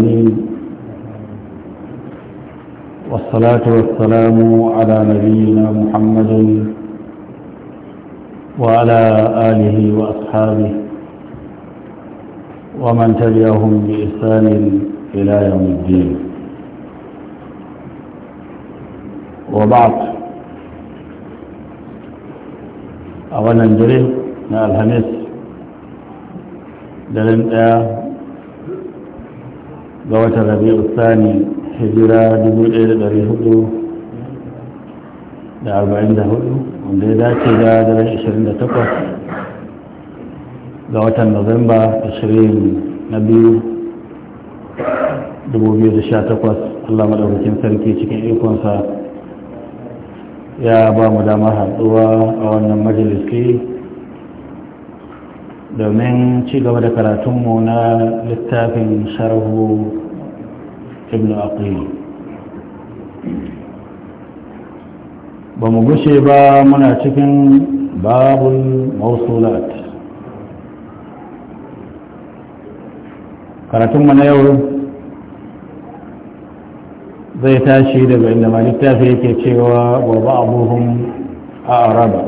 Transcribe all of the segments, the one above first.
العالمين والصلاة والسلام على نبينا محمد وعلى آله وأصحابه ومن تبعهم بإحسان إلى يوم الدين وبعد أولا جريم الهمس دلم دلن آه، ga watan rabi'u sani hijira ɗaya da 44 wanda ya dace da daren 28 ga watan novemba 20 na biyu takwas, allah maɗaukakin sarki cikin ikonsa ya ba mu dama haɗuwa a wannan majalisi domin ci gaba da karatunmu na littafin sharhu ibn aqil ba mu gushe ba muna cikin babul mausulat karatunmu na yau zai tashi daga inda ma littafi yake cewa wa ba'abuhum a araba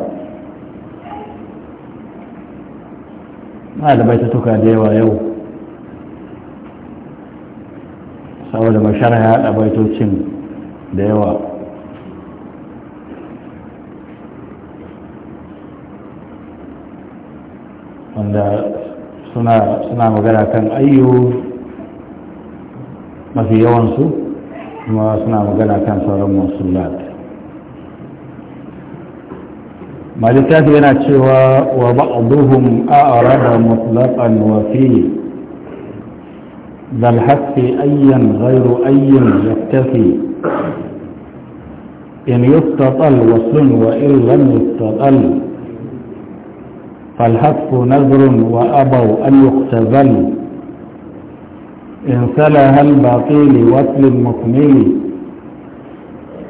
na da baita tuka da yawa yau saboda mashara ya haɗa baitocin da yawa wanda suna magana kan ayyu mafi yawansu kuma suna magana kan sauran musulat malikafi yana cewa wa ba'duhum a'rada mutlaqan wa fihi ذا الحث أيا غير أي يكتفي إن يستطل وصل وإن لم يستطل فالحث نذر وأبوا أن يقتبل إن سلها الباطيل وصل مكمل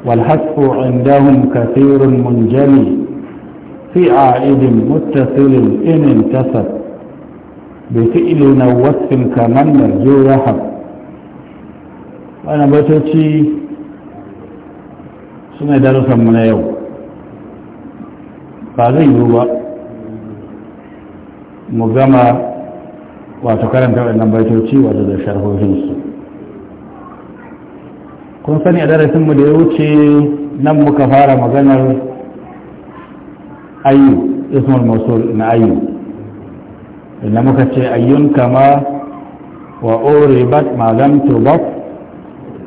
والحث عندهم كثير منجلي في عائد متصل إن انتفت bai ta ile na wasfin kamar da zo rahab wani batoci suna darasa mu na yau ba zai yiwu ba mu gama wato karanta wannan batoci wato da su kun sani a darasin mu da ya wuce nan muka fara maganar ayu ismul masul na ayyu. inda muka ce ayyun kama wa uribat ma lam tubaf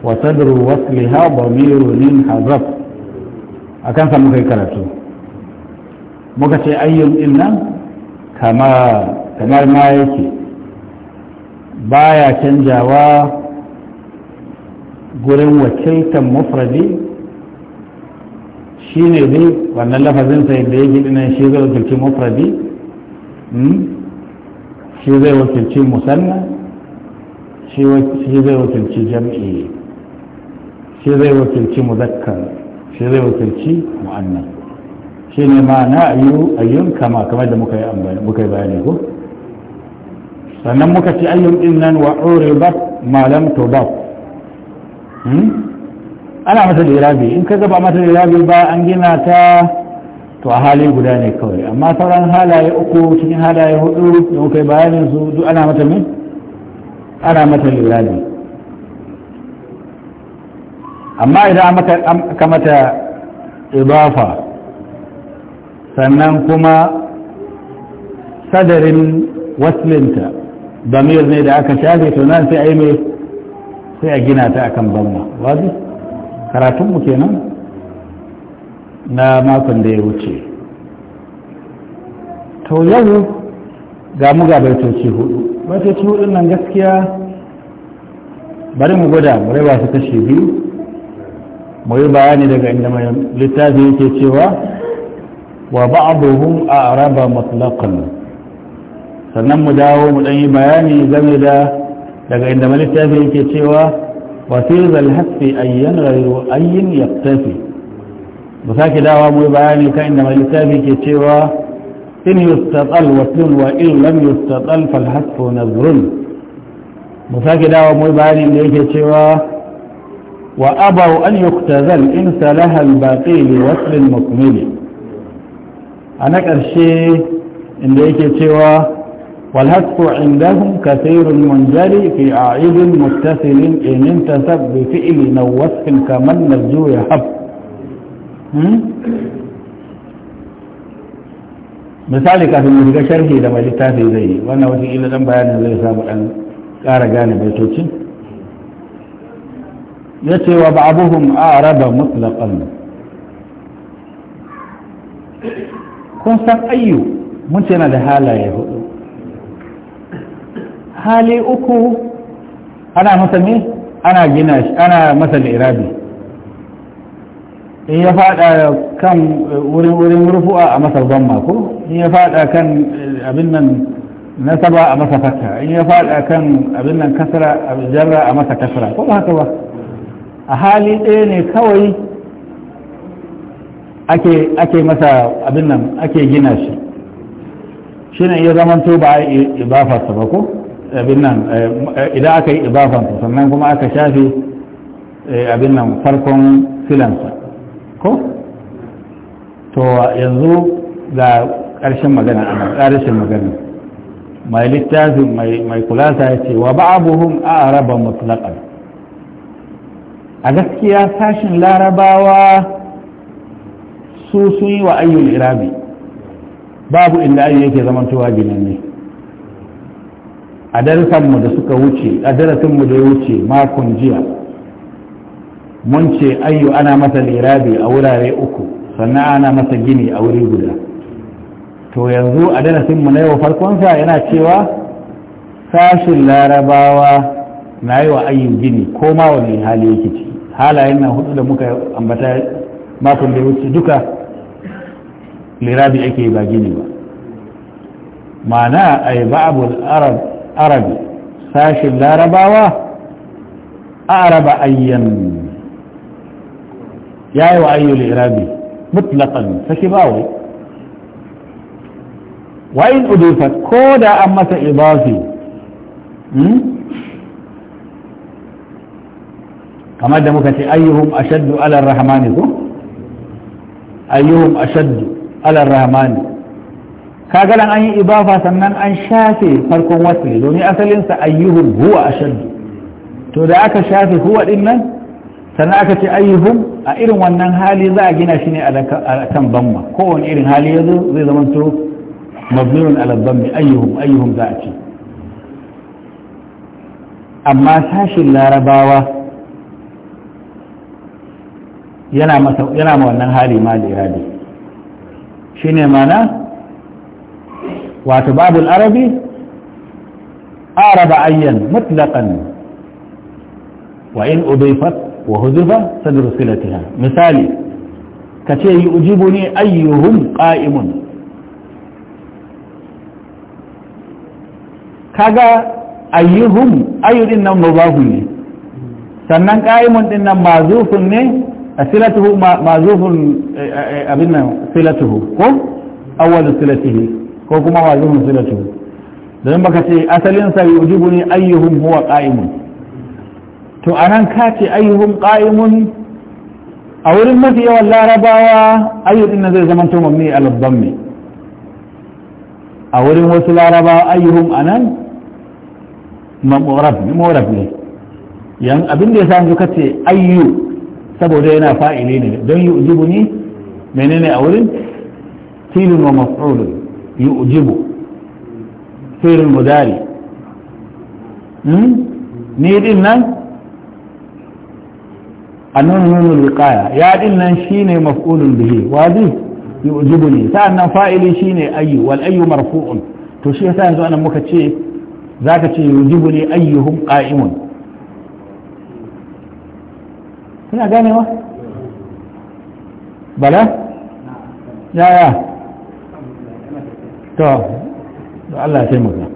wa sadru wasliha damirun hazaf a kansa muka yi karatu muka ce ayyun din kama kamar ma yake baya canjawa gurin wakiltan mufradi shi ne dai wannan lafazin yadda ya gidi nan shi zai wakilci mufradi hmm? shi zai wakilci musanna shi zai wakilci jam'i shi zai wakilci muzakkan, shi zai wakilci mu'annan shi ne na ayyun kama kamar da muka yi bayani ko sannan muka ci ayyun din nan wa uribat malam tubab hmm? ana mata lirabi in ka gaba mata lirabi ba an gina ta to a hali guda ne kawai amma sauran halaye uku cikin halaye hudu da kai yi bayanin su duk ana mata ne ana mata lura ne amma idan aka mata ibafa sannan kuma sadarin waslinta damir ne da aka shafe to nan sai a yi mai sai a gina ta akan banna wazi karatunmu kenan na makon da ya wuce to yau ga mu ga baitoci hudu baitoci hudun nan gaskiya bari mu gwada mu raba su kashi biyu mu yi bayani daga inda mai littafi yake cewa wa ba'aduhum a'raba mutlaqan sannan mu dawo mu dan yi bayani game da daga inda mai littafi yake cewa wa fi zal ayyan ghayru ayyin yaqtafi mu sake dawa mu bayani kan inda mai littafi ke cewa in yustatal waslun wa in lam yustatal fal hasfu nazrun mu sake dawa mu bayani da yake cewa wa abaw an yuktazal in salaha al baqi li wasl al mukmil ana karshe inda yake cewa wal hasfu indahum kathir al munjali fi a'id muttasil in intasab bi fi'li naw wasf kaman narju yahab Hmm? misali kafin mu shiga sharhi da mai littafi zai yi wannan wata ila dan bayanin zai samu dan ƙara gane baitocin ya ce wa ba'abuhum araba mutlaqan kun san ayyu mun ce na da halaye hudu hali uku ana masa ne ana gina ana masa da irabi in ya fada kan eh, wurin rufu'a a masa zamma ko in ya fada kan eh, abin nan nasaba a masa fata in ya fada kan abin nan kasara a jarra a masa kasara ko haka ba a hali ɗaya ne kawai ake ake masa abin nan ake gina shi shi ne ya to ba a yi ibafarsa ba ko abin nan eh, idan aka yi ibafarsa sannan kuma aka shafe abin nan farkon filansa ko to yanzu ga ƙarshen magana a ƙarshen magana mai littafin mai kulasa ya ce wa ba'abuhum a araba mutlaƙar a gaskiya sashin larabawa su sun yi wa ayyul irabi babu inda ayyu yake zamantowa ne a darasanmu da suka wuce a darasinmu da ya wuce makon jiya mun ce ayyu ana masa lirabi a wurare uku sannan ana masa gini a wuri guda to yanzu a mu na yau farkonsa yana cewa sashin larabawa na yi wa ayyu gini ko ma wani hali yake ci. halayen nan hudu da muka ambata makon da wuce duka lirabi ake ba gini ba mana ay ba'abul arab arabi sashin larabawa araba ayyan يا وعي الإعرابي مطلقا فشباوي وإن أضيفت كودا أمة إضافي كما دمك أيهم أشد على الرحمن ذو أيهم أشد على الرحمن كاغلا أي إضافة سنن أن شافي فالكم وصلي دوني أسلين سأيهم هو أشد تو دعك شافي هو إنن sannan aka ce ayyuhum a irin wannan hali za a gina shi ne a kan bamma kowane irin hali ya zai zama to mabniyun ala dhammi ayyuhum ayyuhum za a ce amma sashin larabawa yana ma wannan hali ma da iradi shi ne mana wato babu arabi araba ayyan mutlaqan wa in udaifat wa huzufa sadru silatiha misali kace yi yujibuni ayyuhum qa'imun kaga ayyuhum ayyudin nan mubahu ne sannan qa'imun din nan mazufun ne silatuhu mazufun eh, eh, eh, abin nan silatuhu ko awwalu silatihi ko kuma mazufun silatuhu dan baka ce asalin sa yujibuni ayyuhum huwa qa'imun to anan ka ce ayyuhun ƙa’imun a wurin mafi yawan larabawa ayyuhun na zai zama to mabni al mai a wurin wasu larabawa a anan mamuraf mamuraf ne yan abin da yasa suka ce ayyu saboda yana fa'ile ne don ujibu ne menene a wurin filin wa yi ujibu filin mudari hmm? ni din nan annan nunul wiqaya ya din nan shine maf'ulun bihi wazi sa'an nan fa'ili shine ayyu wal ayyu marfu'un to shi yasa yanzu anan muka ce za ka ce yujibuni ayyuhum qa'imun kuna ganewa bala yaya to Allah ya taimaka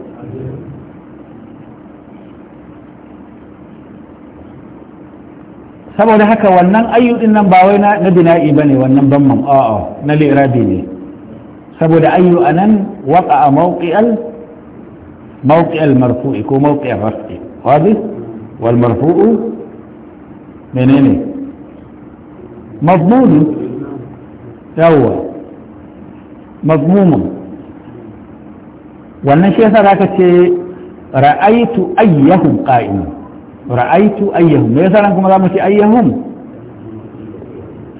saboda haka wannan ayyudin nan ba wai na bina'i ba ne wannan bamman a na lirabi ne saboda ayyu a nan waka a mawuƙi'al mawuƙi'al marfu'i ko mawuƙi'al rafi wadi wal marfu'u menene mazmuni yawwa mazmumun wannan shi yasa zaka ce ra'aitu ayyahum qa'imun رأيت أيهم ليس لكم كما أيهم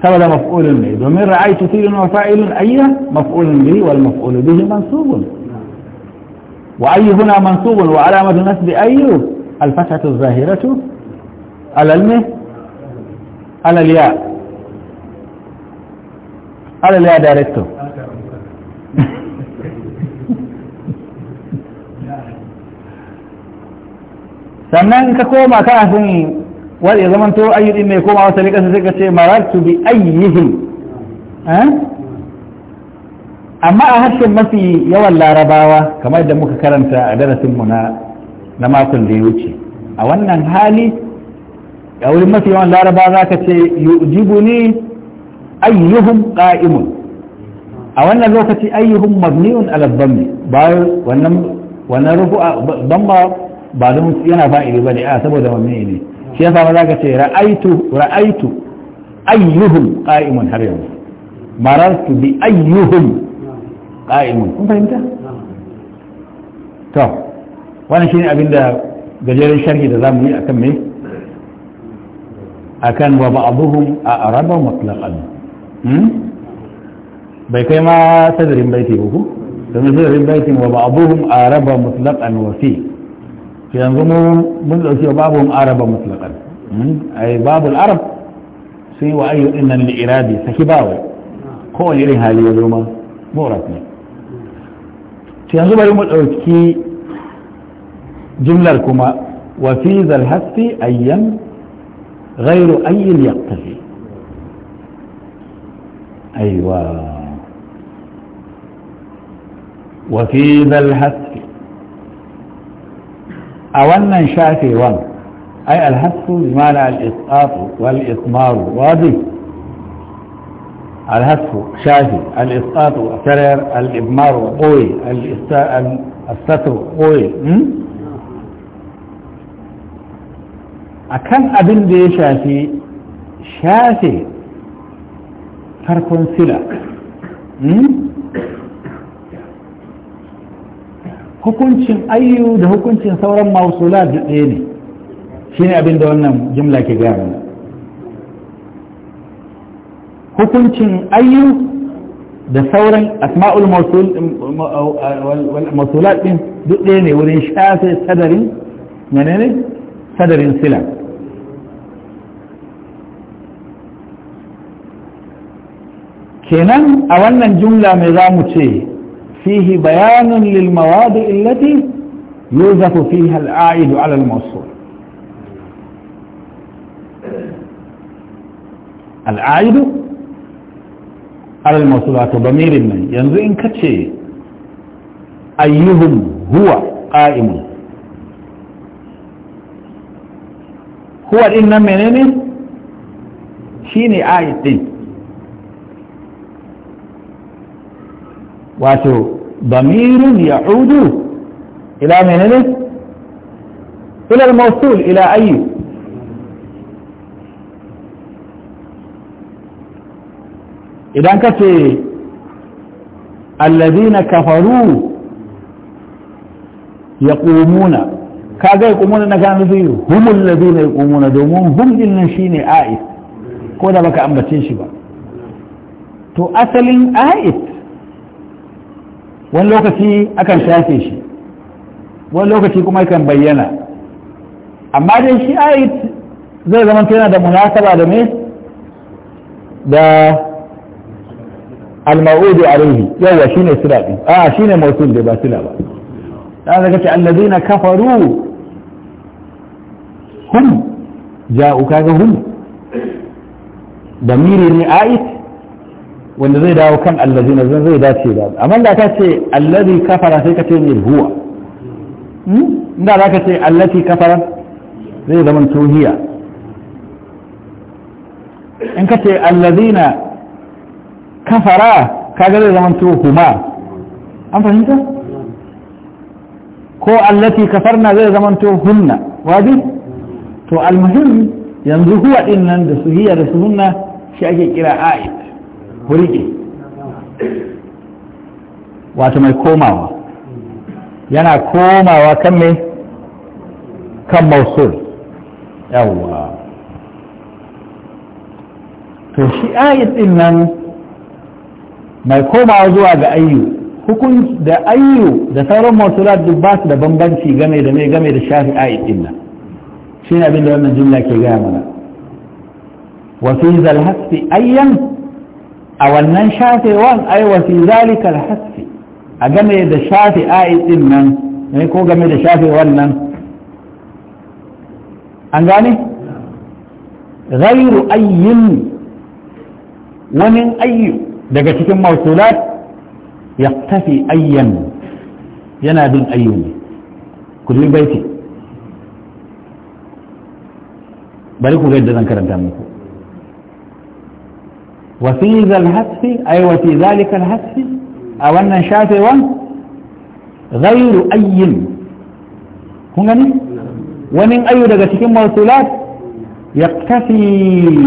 سبب مفعول به ضمير رأيت فيل وفائل أي مفعول به والمفعول به منصوب وأي هنا منصوب وعلامة نسب أي الفتحة الظاهرة على الم على الياء على الياء داركتو sannan ka koma kana sun wani zaman to ayyudin mai koma wata rikasa sai ka ce marartu bi ayyihin eh? amma a harshen mafi yawan larabawa kamar da muka karanta a darasinmu na makon da ya wuce a wannan hali a wurin mafi yawan larabawa za ka ce yujibu ne ayyuhun qa'imun a wannan lokaci ayyuhun mabni'un ala dhammi ba wannan rufu a dhamma ba don yana fa'ili ba ne a saboda mamme ne shi yasa ma zaka ce ra'aitu ra'aitu ayyuhum qa'imun har yanzu marartu bi ayyuhum qa'imun kun fahimta to wannan shine abinda gajeren sharhi da zamu yi akan me akan wa ba'dhum a araba mutlaqan hmm? bai kai ma sadarin baiti ba ku domin sadarin baitin wa ba'dhum a araba mutlaqan wa fi yanzu mun dauke babun araba mutlaqan ai babul arab sai wa ayyu innan li iradi saki bawai kowane irin hali ya zo ma murat ne to yanzu bari mu dauki jumlar kuma wa fi zal hasti ayyan غير أي يقتفي أيوة وفي ذا الهتف أولا شافي وان أي الحث بمعنى الإسقاط والإثمار واضح الهتف شافي الإسقاط كرر الإبمار قوي الستر قوي أكن أبن دي شاتي شاتي فرق سلاك hukuncin ayyu da hukuncin sauran mausula duk ɗaya ne shi ne abinda wannan jimla ke gaya mana hukuncin ayyu da sauran asma'ul um, um, uh, uh, mausulat ɗin duk ɗaya ne wurin shafe sadarin menene sadarin sila kenan a wannan jumla mai za mu ce فيه بيان للمواضع التي يوزف فيها الأعيد على الموصول الأعيد على الموصول ضمير من ينزو إن كتشي أيهم هو قائم هو إنما منين شيني عائد دين wato ya ya'udu ila menene ila mausul ila ayyu idan ka ce allazina kafaru ya yaqumuna kaga yaqumuna na kan nufi humul ladina yaqumuna domin hum din nan shine Ais ko da baka ambace shi ba to asalin Ais. wani lokaci akan shafe shi wani lokaci kuma kan bayyana amma dai shi ait zai zama yana da munasaba da me da al-ma'udu alayhi yawa shine sirabi a shine mausul da ba sila ba dan zaka ce allazina kafaru hum ja'u kaga hum damiri ne ait wanda zai dawo kan allazi na zai dace da amma da ka ce allazi kafara sai ka ce ne huwa inda hmm? za ka ce allati kafara zai zama tuhiya in ka ce allazi na kafara kaga zai zama huma an fahimta ko allati kafarna zai zama hunna wajib to almuhim yanzu huwa din nan da su hiya da su shi ake kira a'id ku wato mai komawa yana komawa kan me kan mausul yawwa to shi ayat din nan mai komawa zuwa ga ayyu hukunci da ayyu da sauran mausulat duk ba su da bambanci game da mai game da shafi ayat din nan shi ne abinda wannan jumla ke gaya mana wasu zalhasfi ayyan a wannan shafewan ai wa fi zalikal hasfi a game da shafe ai din nan ne ko game da shafe wannan an gane ghairu ayyin wani ayyu daga cikin mausulat yaktafi ayyan yana bin ayyu ne kullum baiti bari ku ga yadda zan karanta muku وفي ذا الهتف أي وفي ذلك الهتف أو أن شافوا غير أي هنا نعم. ومن أي دقتك موصولات يقتفي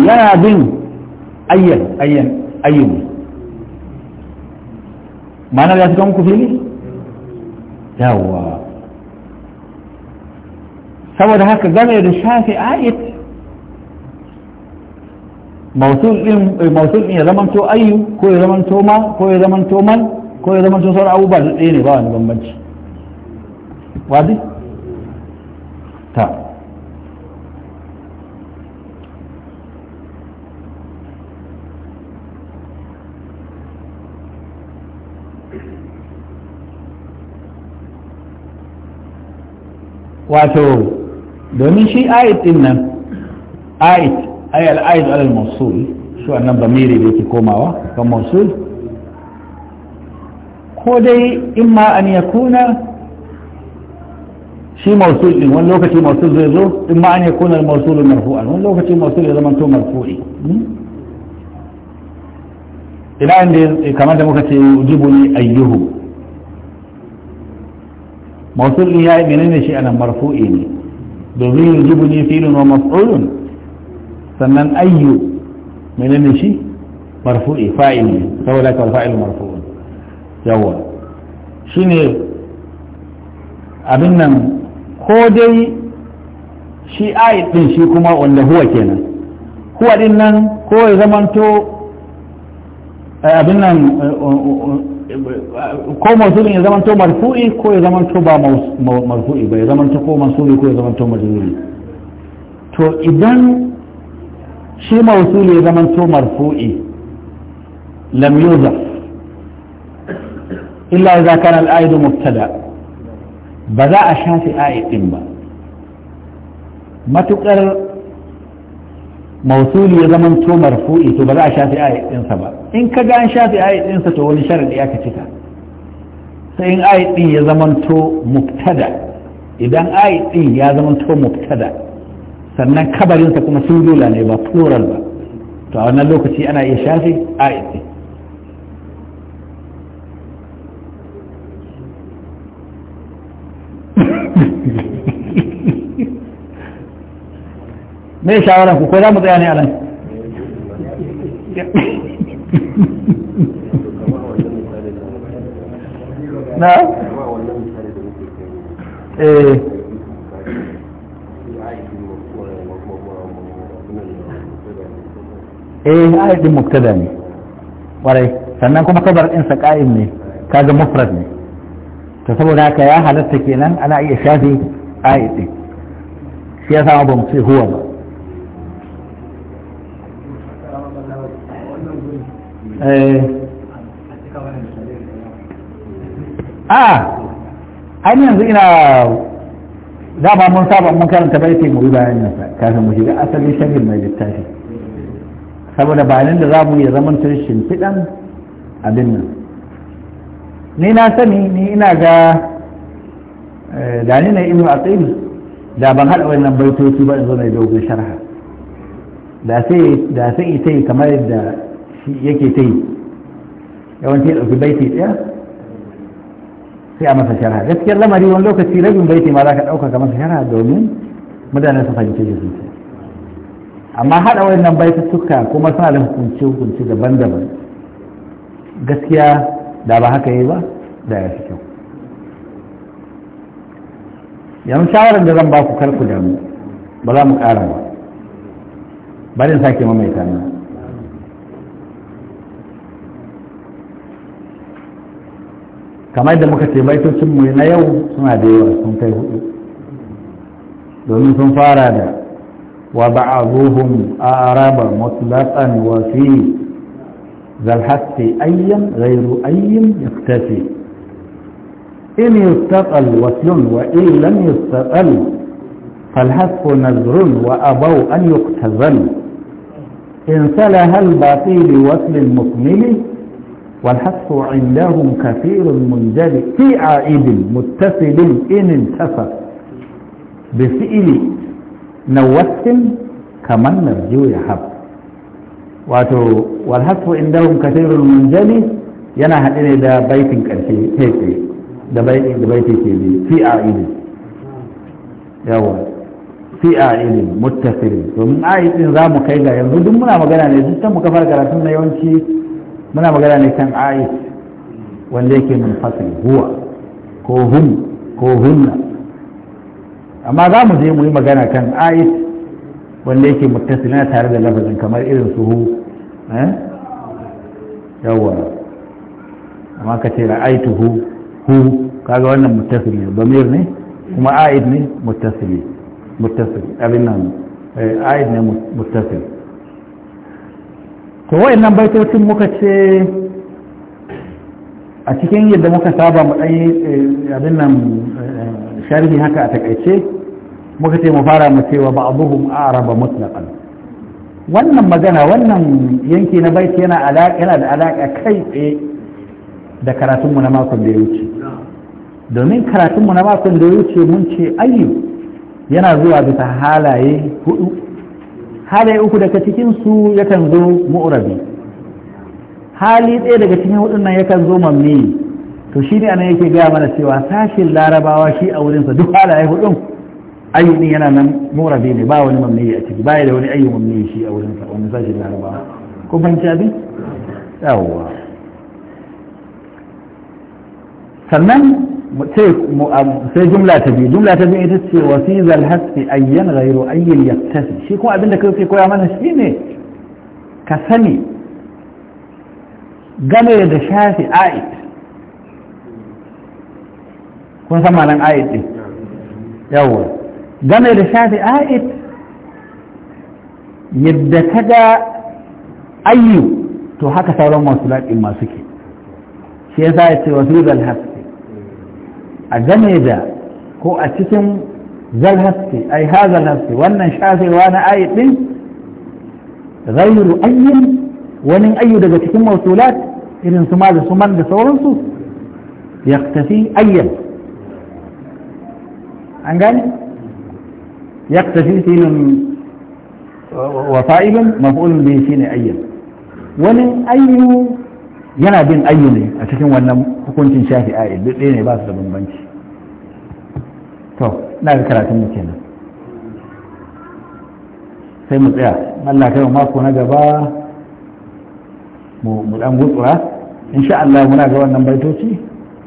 يا بن أي أي أي معنى لا تكون كفيلي yawa سوى haka game da shafi mausul din eh, mausul din ya zamanto ayyu ko ya zamanto ma ko ya zamanto man ko ya zamanto sauran abubuwa da ɗaya ne ba wani bambanci wadi ta wato domin shi ayat din nan ayat ay al'aid alal mawsul shi wannan bamiri da yake komawa kan mawsul ko dai imma an yakuna shi mawsul din wani lokaci mawsul zai zo imma an yakuna al-mawsul marfu'an wani lokaci mawsul ya zama to marfu'i ina inda kamar da muka ce ni ayyuhu mawsul ya yi menene shi anan marfu'i ne domin ni fi'lun wa maf'ulun sannan ayyu menene shi marfu'i fa'il saboda ka fa'il marfu'un yawa shine abin nan ko dai shi din shi kuma wanda huwa kenan huwa din nan ko ya zamanto eh, abin nan eh, ko ya zamanto marfu'i ko ya zamanto ba marfu'i ba ya zamanto ko ko ya zamanto majruri to idan shi mawsuli ya zamanto marfu'i lam yuzaf illa idza kana al-aid mubtada ba za a shafi aid ba matukar mausuli ya zama to marfu'i to ba za a shafi ayat ɗinsa ba in ka ga an shafi ayat sa to wani sharadi aka cika sai in ayat ya zama to mubtada idan ayat ya zama to mubtada sannan kabarinsa kuma singular ne ba plural ba to a wannan lokaci ana iya shafe a ite mai shawaran ku ko za mu tsaya ne a nan na eh eh ayat din mubtada ne warai sannan kuma kabar insa sa qa'im ne kaga mufrad ne ta saboda haka ya halatta kenan ana iya shafi ayat din shi yasa ba mu ce huwa ba eh. a an yanzu ina dama mun saba mun karanta baiti mu yi bayanin nasa kafin mu shiga asalin shirin mai littafi saboda bayanin da za mu yi zaman tun shimfiɗan abin nan ni na sani ni ina ga eh, da ni na ibnu aqil da ban haɗa wannan baitoci ba in zo na dogon sharha da sai da sai ita yi kamar yadda yake ta yi yawanci ya ɗauki baiti ɗaya sai a masa sharha gaskiyar lamari wani lokaci rabin baiti ma za ka ɗauka ka masa sharha domin mutane su fahimci shi sosai amma haɗa wannan baitattuka kuma suna da hukunci hukunci daban-daban gaskiya da ba haka yi ba da ya fi kyau yanzu shawarar da zan ba ku karku da ba za mu ƙara ba barin sake mamaita na kamar da muka ce mu na yau suna da yawa sun kai hudu domin sun fara da وبعضهم أعرب مطلقا وفي ذا الحث أيا غير أي يكتفي إن يستقل وصل وإن لم يستقل فالحث نذر وأبوا أن يقتزل إن سلها الباطل وصل مكمل والحث عندهم كثير منجلي في عائد متصل إن انتفى بفئل na wasin kamar na ya hab wato walhasu walhasfu indahum kathirul munjali yana haɗe ne da baitin ƙarshe kai da baiti da baiti ke bi fi a ilin yawa fi a ilin muttasiri domin a din za mu kai ga yanzu duk muna magana ne duk mu kafar karatun na yawanci muna magana ne kan a wanda yake mun fasiri huwa ko hum ko hunna amma za mu je mu yi magana kan ayat wanda yake muttasila tare da lafazin kamar irin su hu. Eh? yawa amma ka ce ra'aitu hu hu kaga wannan muttasili ne damir ne kuma ayat ne muttasili muttasili abin nan eh, ayat ne muttasili to wayannan baitocin muka ce a cikin yadda muka saba mu dai eh, abin nan sharhi haka a takaice muka ce mu fara mu cewa ba'dhum a'raba mutlaqan wannan magana wannan yanki na baiti yana alaka yana da alaka kai tsaye da karatunmu na makon da ya wuce domin karatunmu na makon da ya wuce mun ce ayyu yana zuwa bisa halaye hudu halaye uku daga cikin su yakan zo mu'rabi hali ɗaya daga cikin hudun nan yakan zo mamni to shi ne anan yake gaya mana cewa sashin larabawa shi a wurinsa duk halaye hudun ayyukin yana nan murabi ne ba wani mamaye a ciki ba da wani ayyu mamaye shi a wurinsa wani sashin larabawa ko ban abin yawwa sannan sai jumla ta biyu jumla ta biyu ita ce wa fi zal hasbi ayyan ghayru ayyin yaktasi shi kuma abinda kai koya mana shi ne ka sani game da shafi a'id kun san malan ayat din. yawo game da shafi ayat yadda ka ga ayyu to haka sauran masu laƙin masu ke shi ya sa ya ce wasu zalhaske a game da ko a cikin zalhaske ai ha zalhaske wannan shafewa na ayat ɗin ghairu ayyin wani ayyu daga cikin masulat irin su ma da su man da sauransu yaktafi ayyan an gani yaktafi filin وفائل مفعول shi shine ayyan wani ayyu yana bin ayyu ne a cikin wannan hukuncin shafi'a duk ɗaya ne ba su da bambanci to na ga karatun mu kenan sai mu tsaya Allah kai mako na gaba mu mu dan gutsura insha Allah muna ga wannan baitoci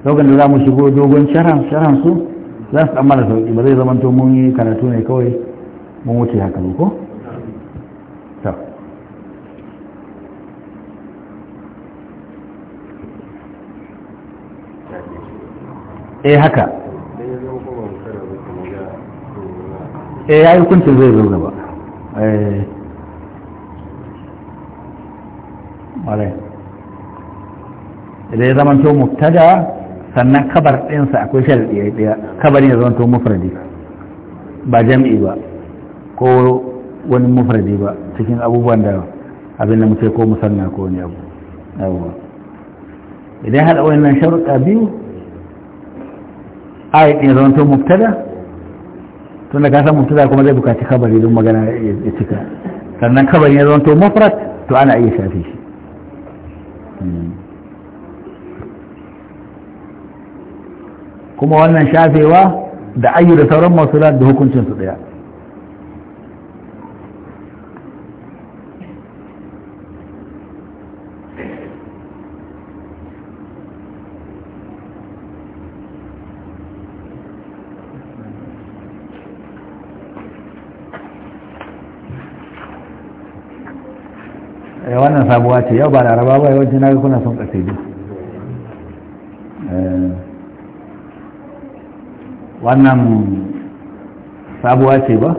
dogon da zamu shigo dogon sharan sharan su za su da sauƙi ba zai zamanto mun yi karatu ne kawai mun wuce haka ko eh haka eh ya yi hukuncin zai zo gaba eh idan ya zamanto muktada sannan kabar ɗinsa akwai sharaɗi ya ɗaya kabarin ya zanto mufradi ba jam'i ba ko wani mufradi ba cikin abubuwan da abin da muke ko musanna ko wani abu yawwa idan haɗa wannan sharuɗa biyu a yi zanto muftada tun da kasan muftada kuma zai bukaci kabari don magana ya cika sannan kabarin ya zanto mufrad to ana iya shafi shi kuma wannan shafewa da ayyu da sauran masu da hukuncin su daya eh, wannan sabuwa ce yau ba laraba ba yawancin na kuna son kasidu wannan sabuwa ce ba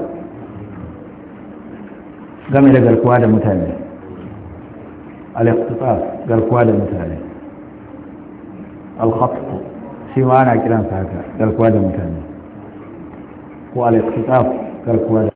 game da garkuwa da mutane al-iqtisas garkuwa da mutane al-khatf shi ma ana kiransa haka garkuwa da mutane ko al-iqtisas garkuwa da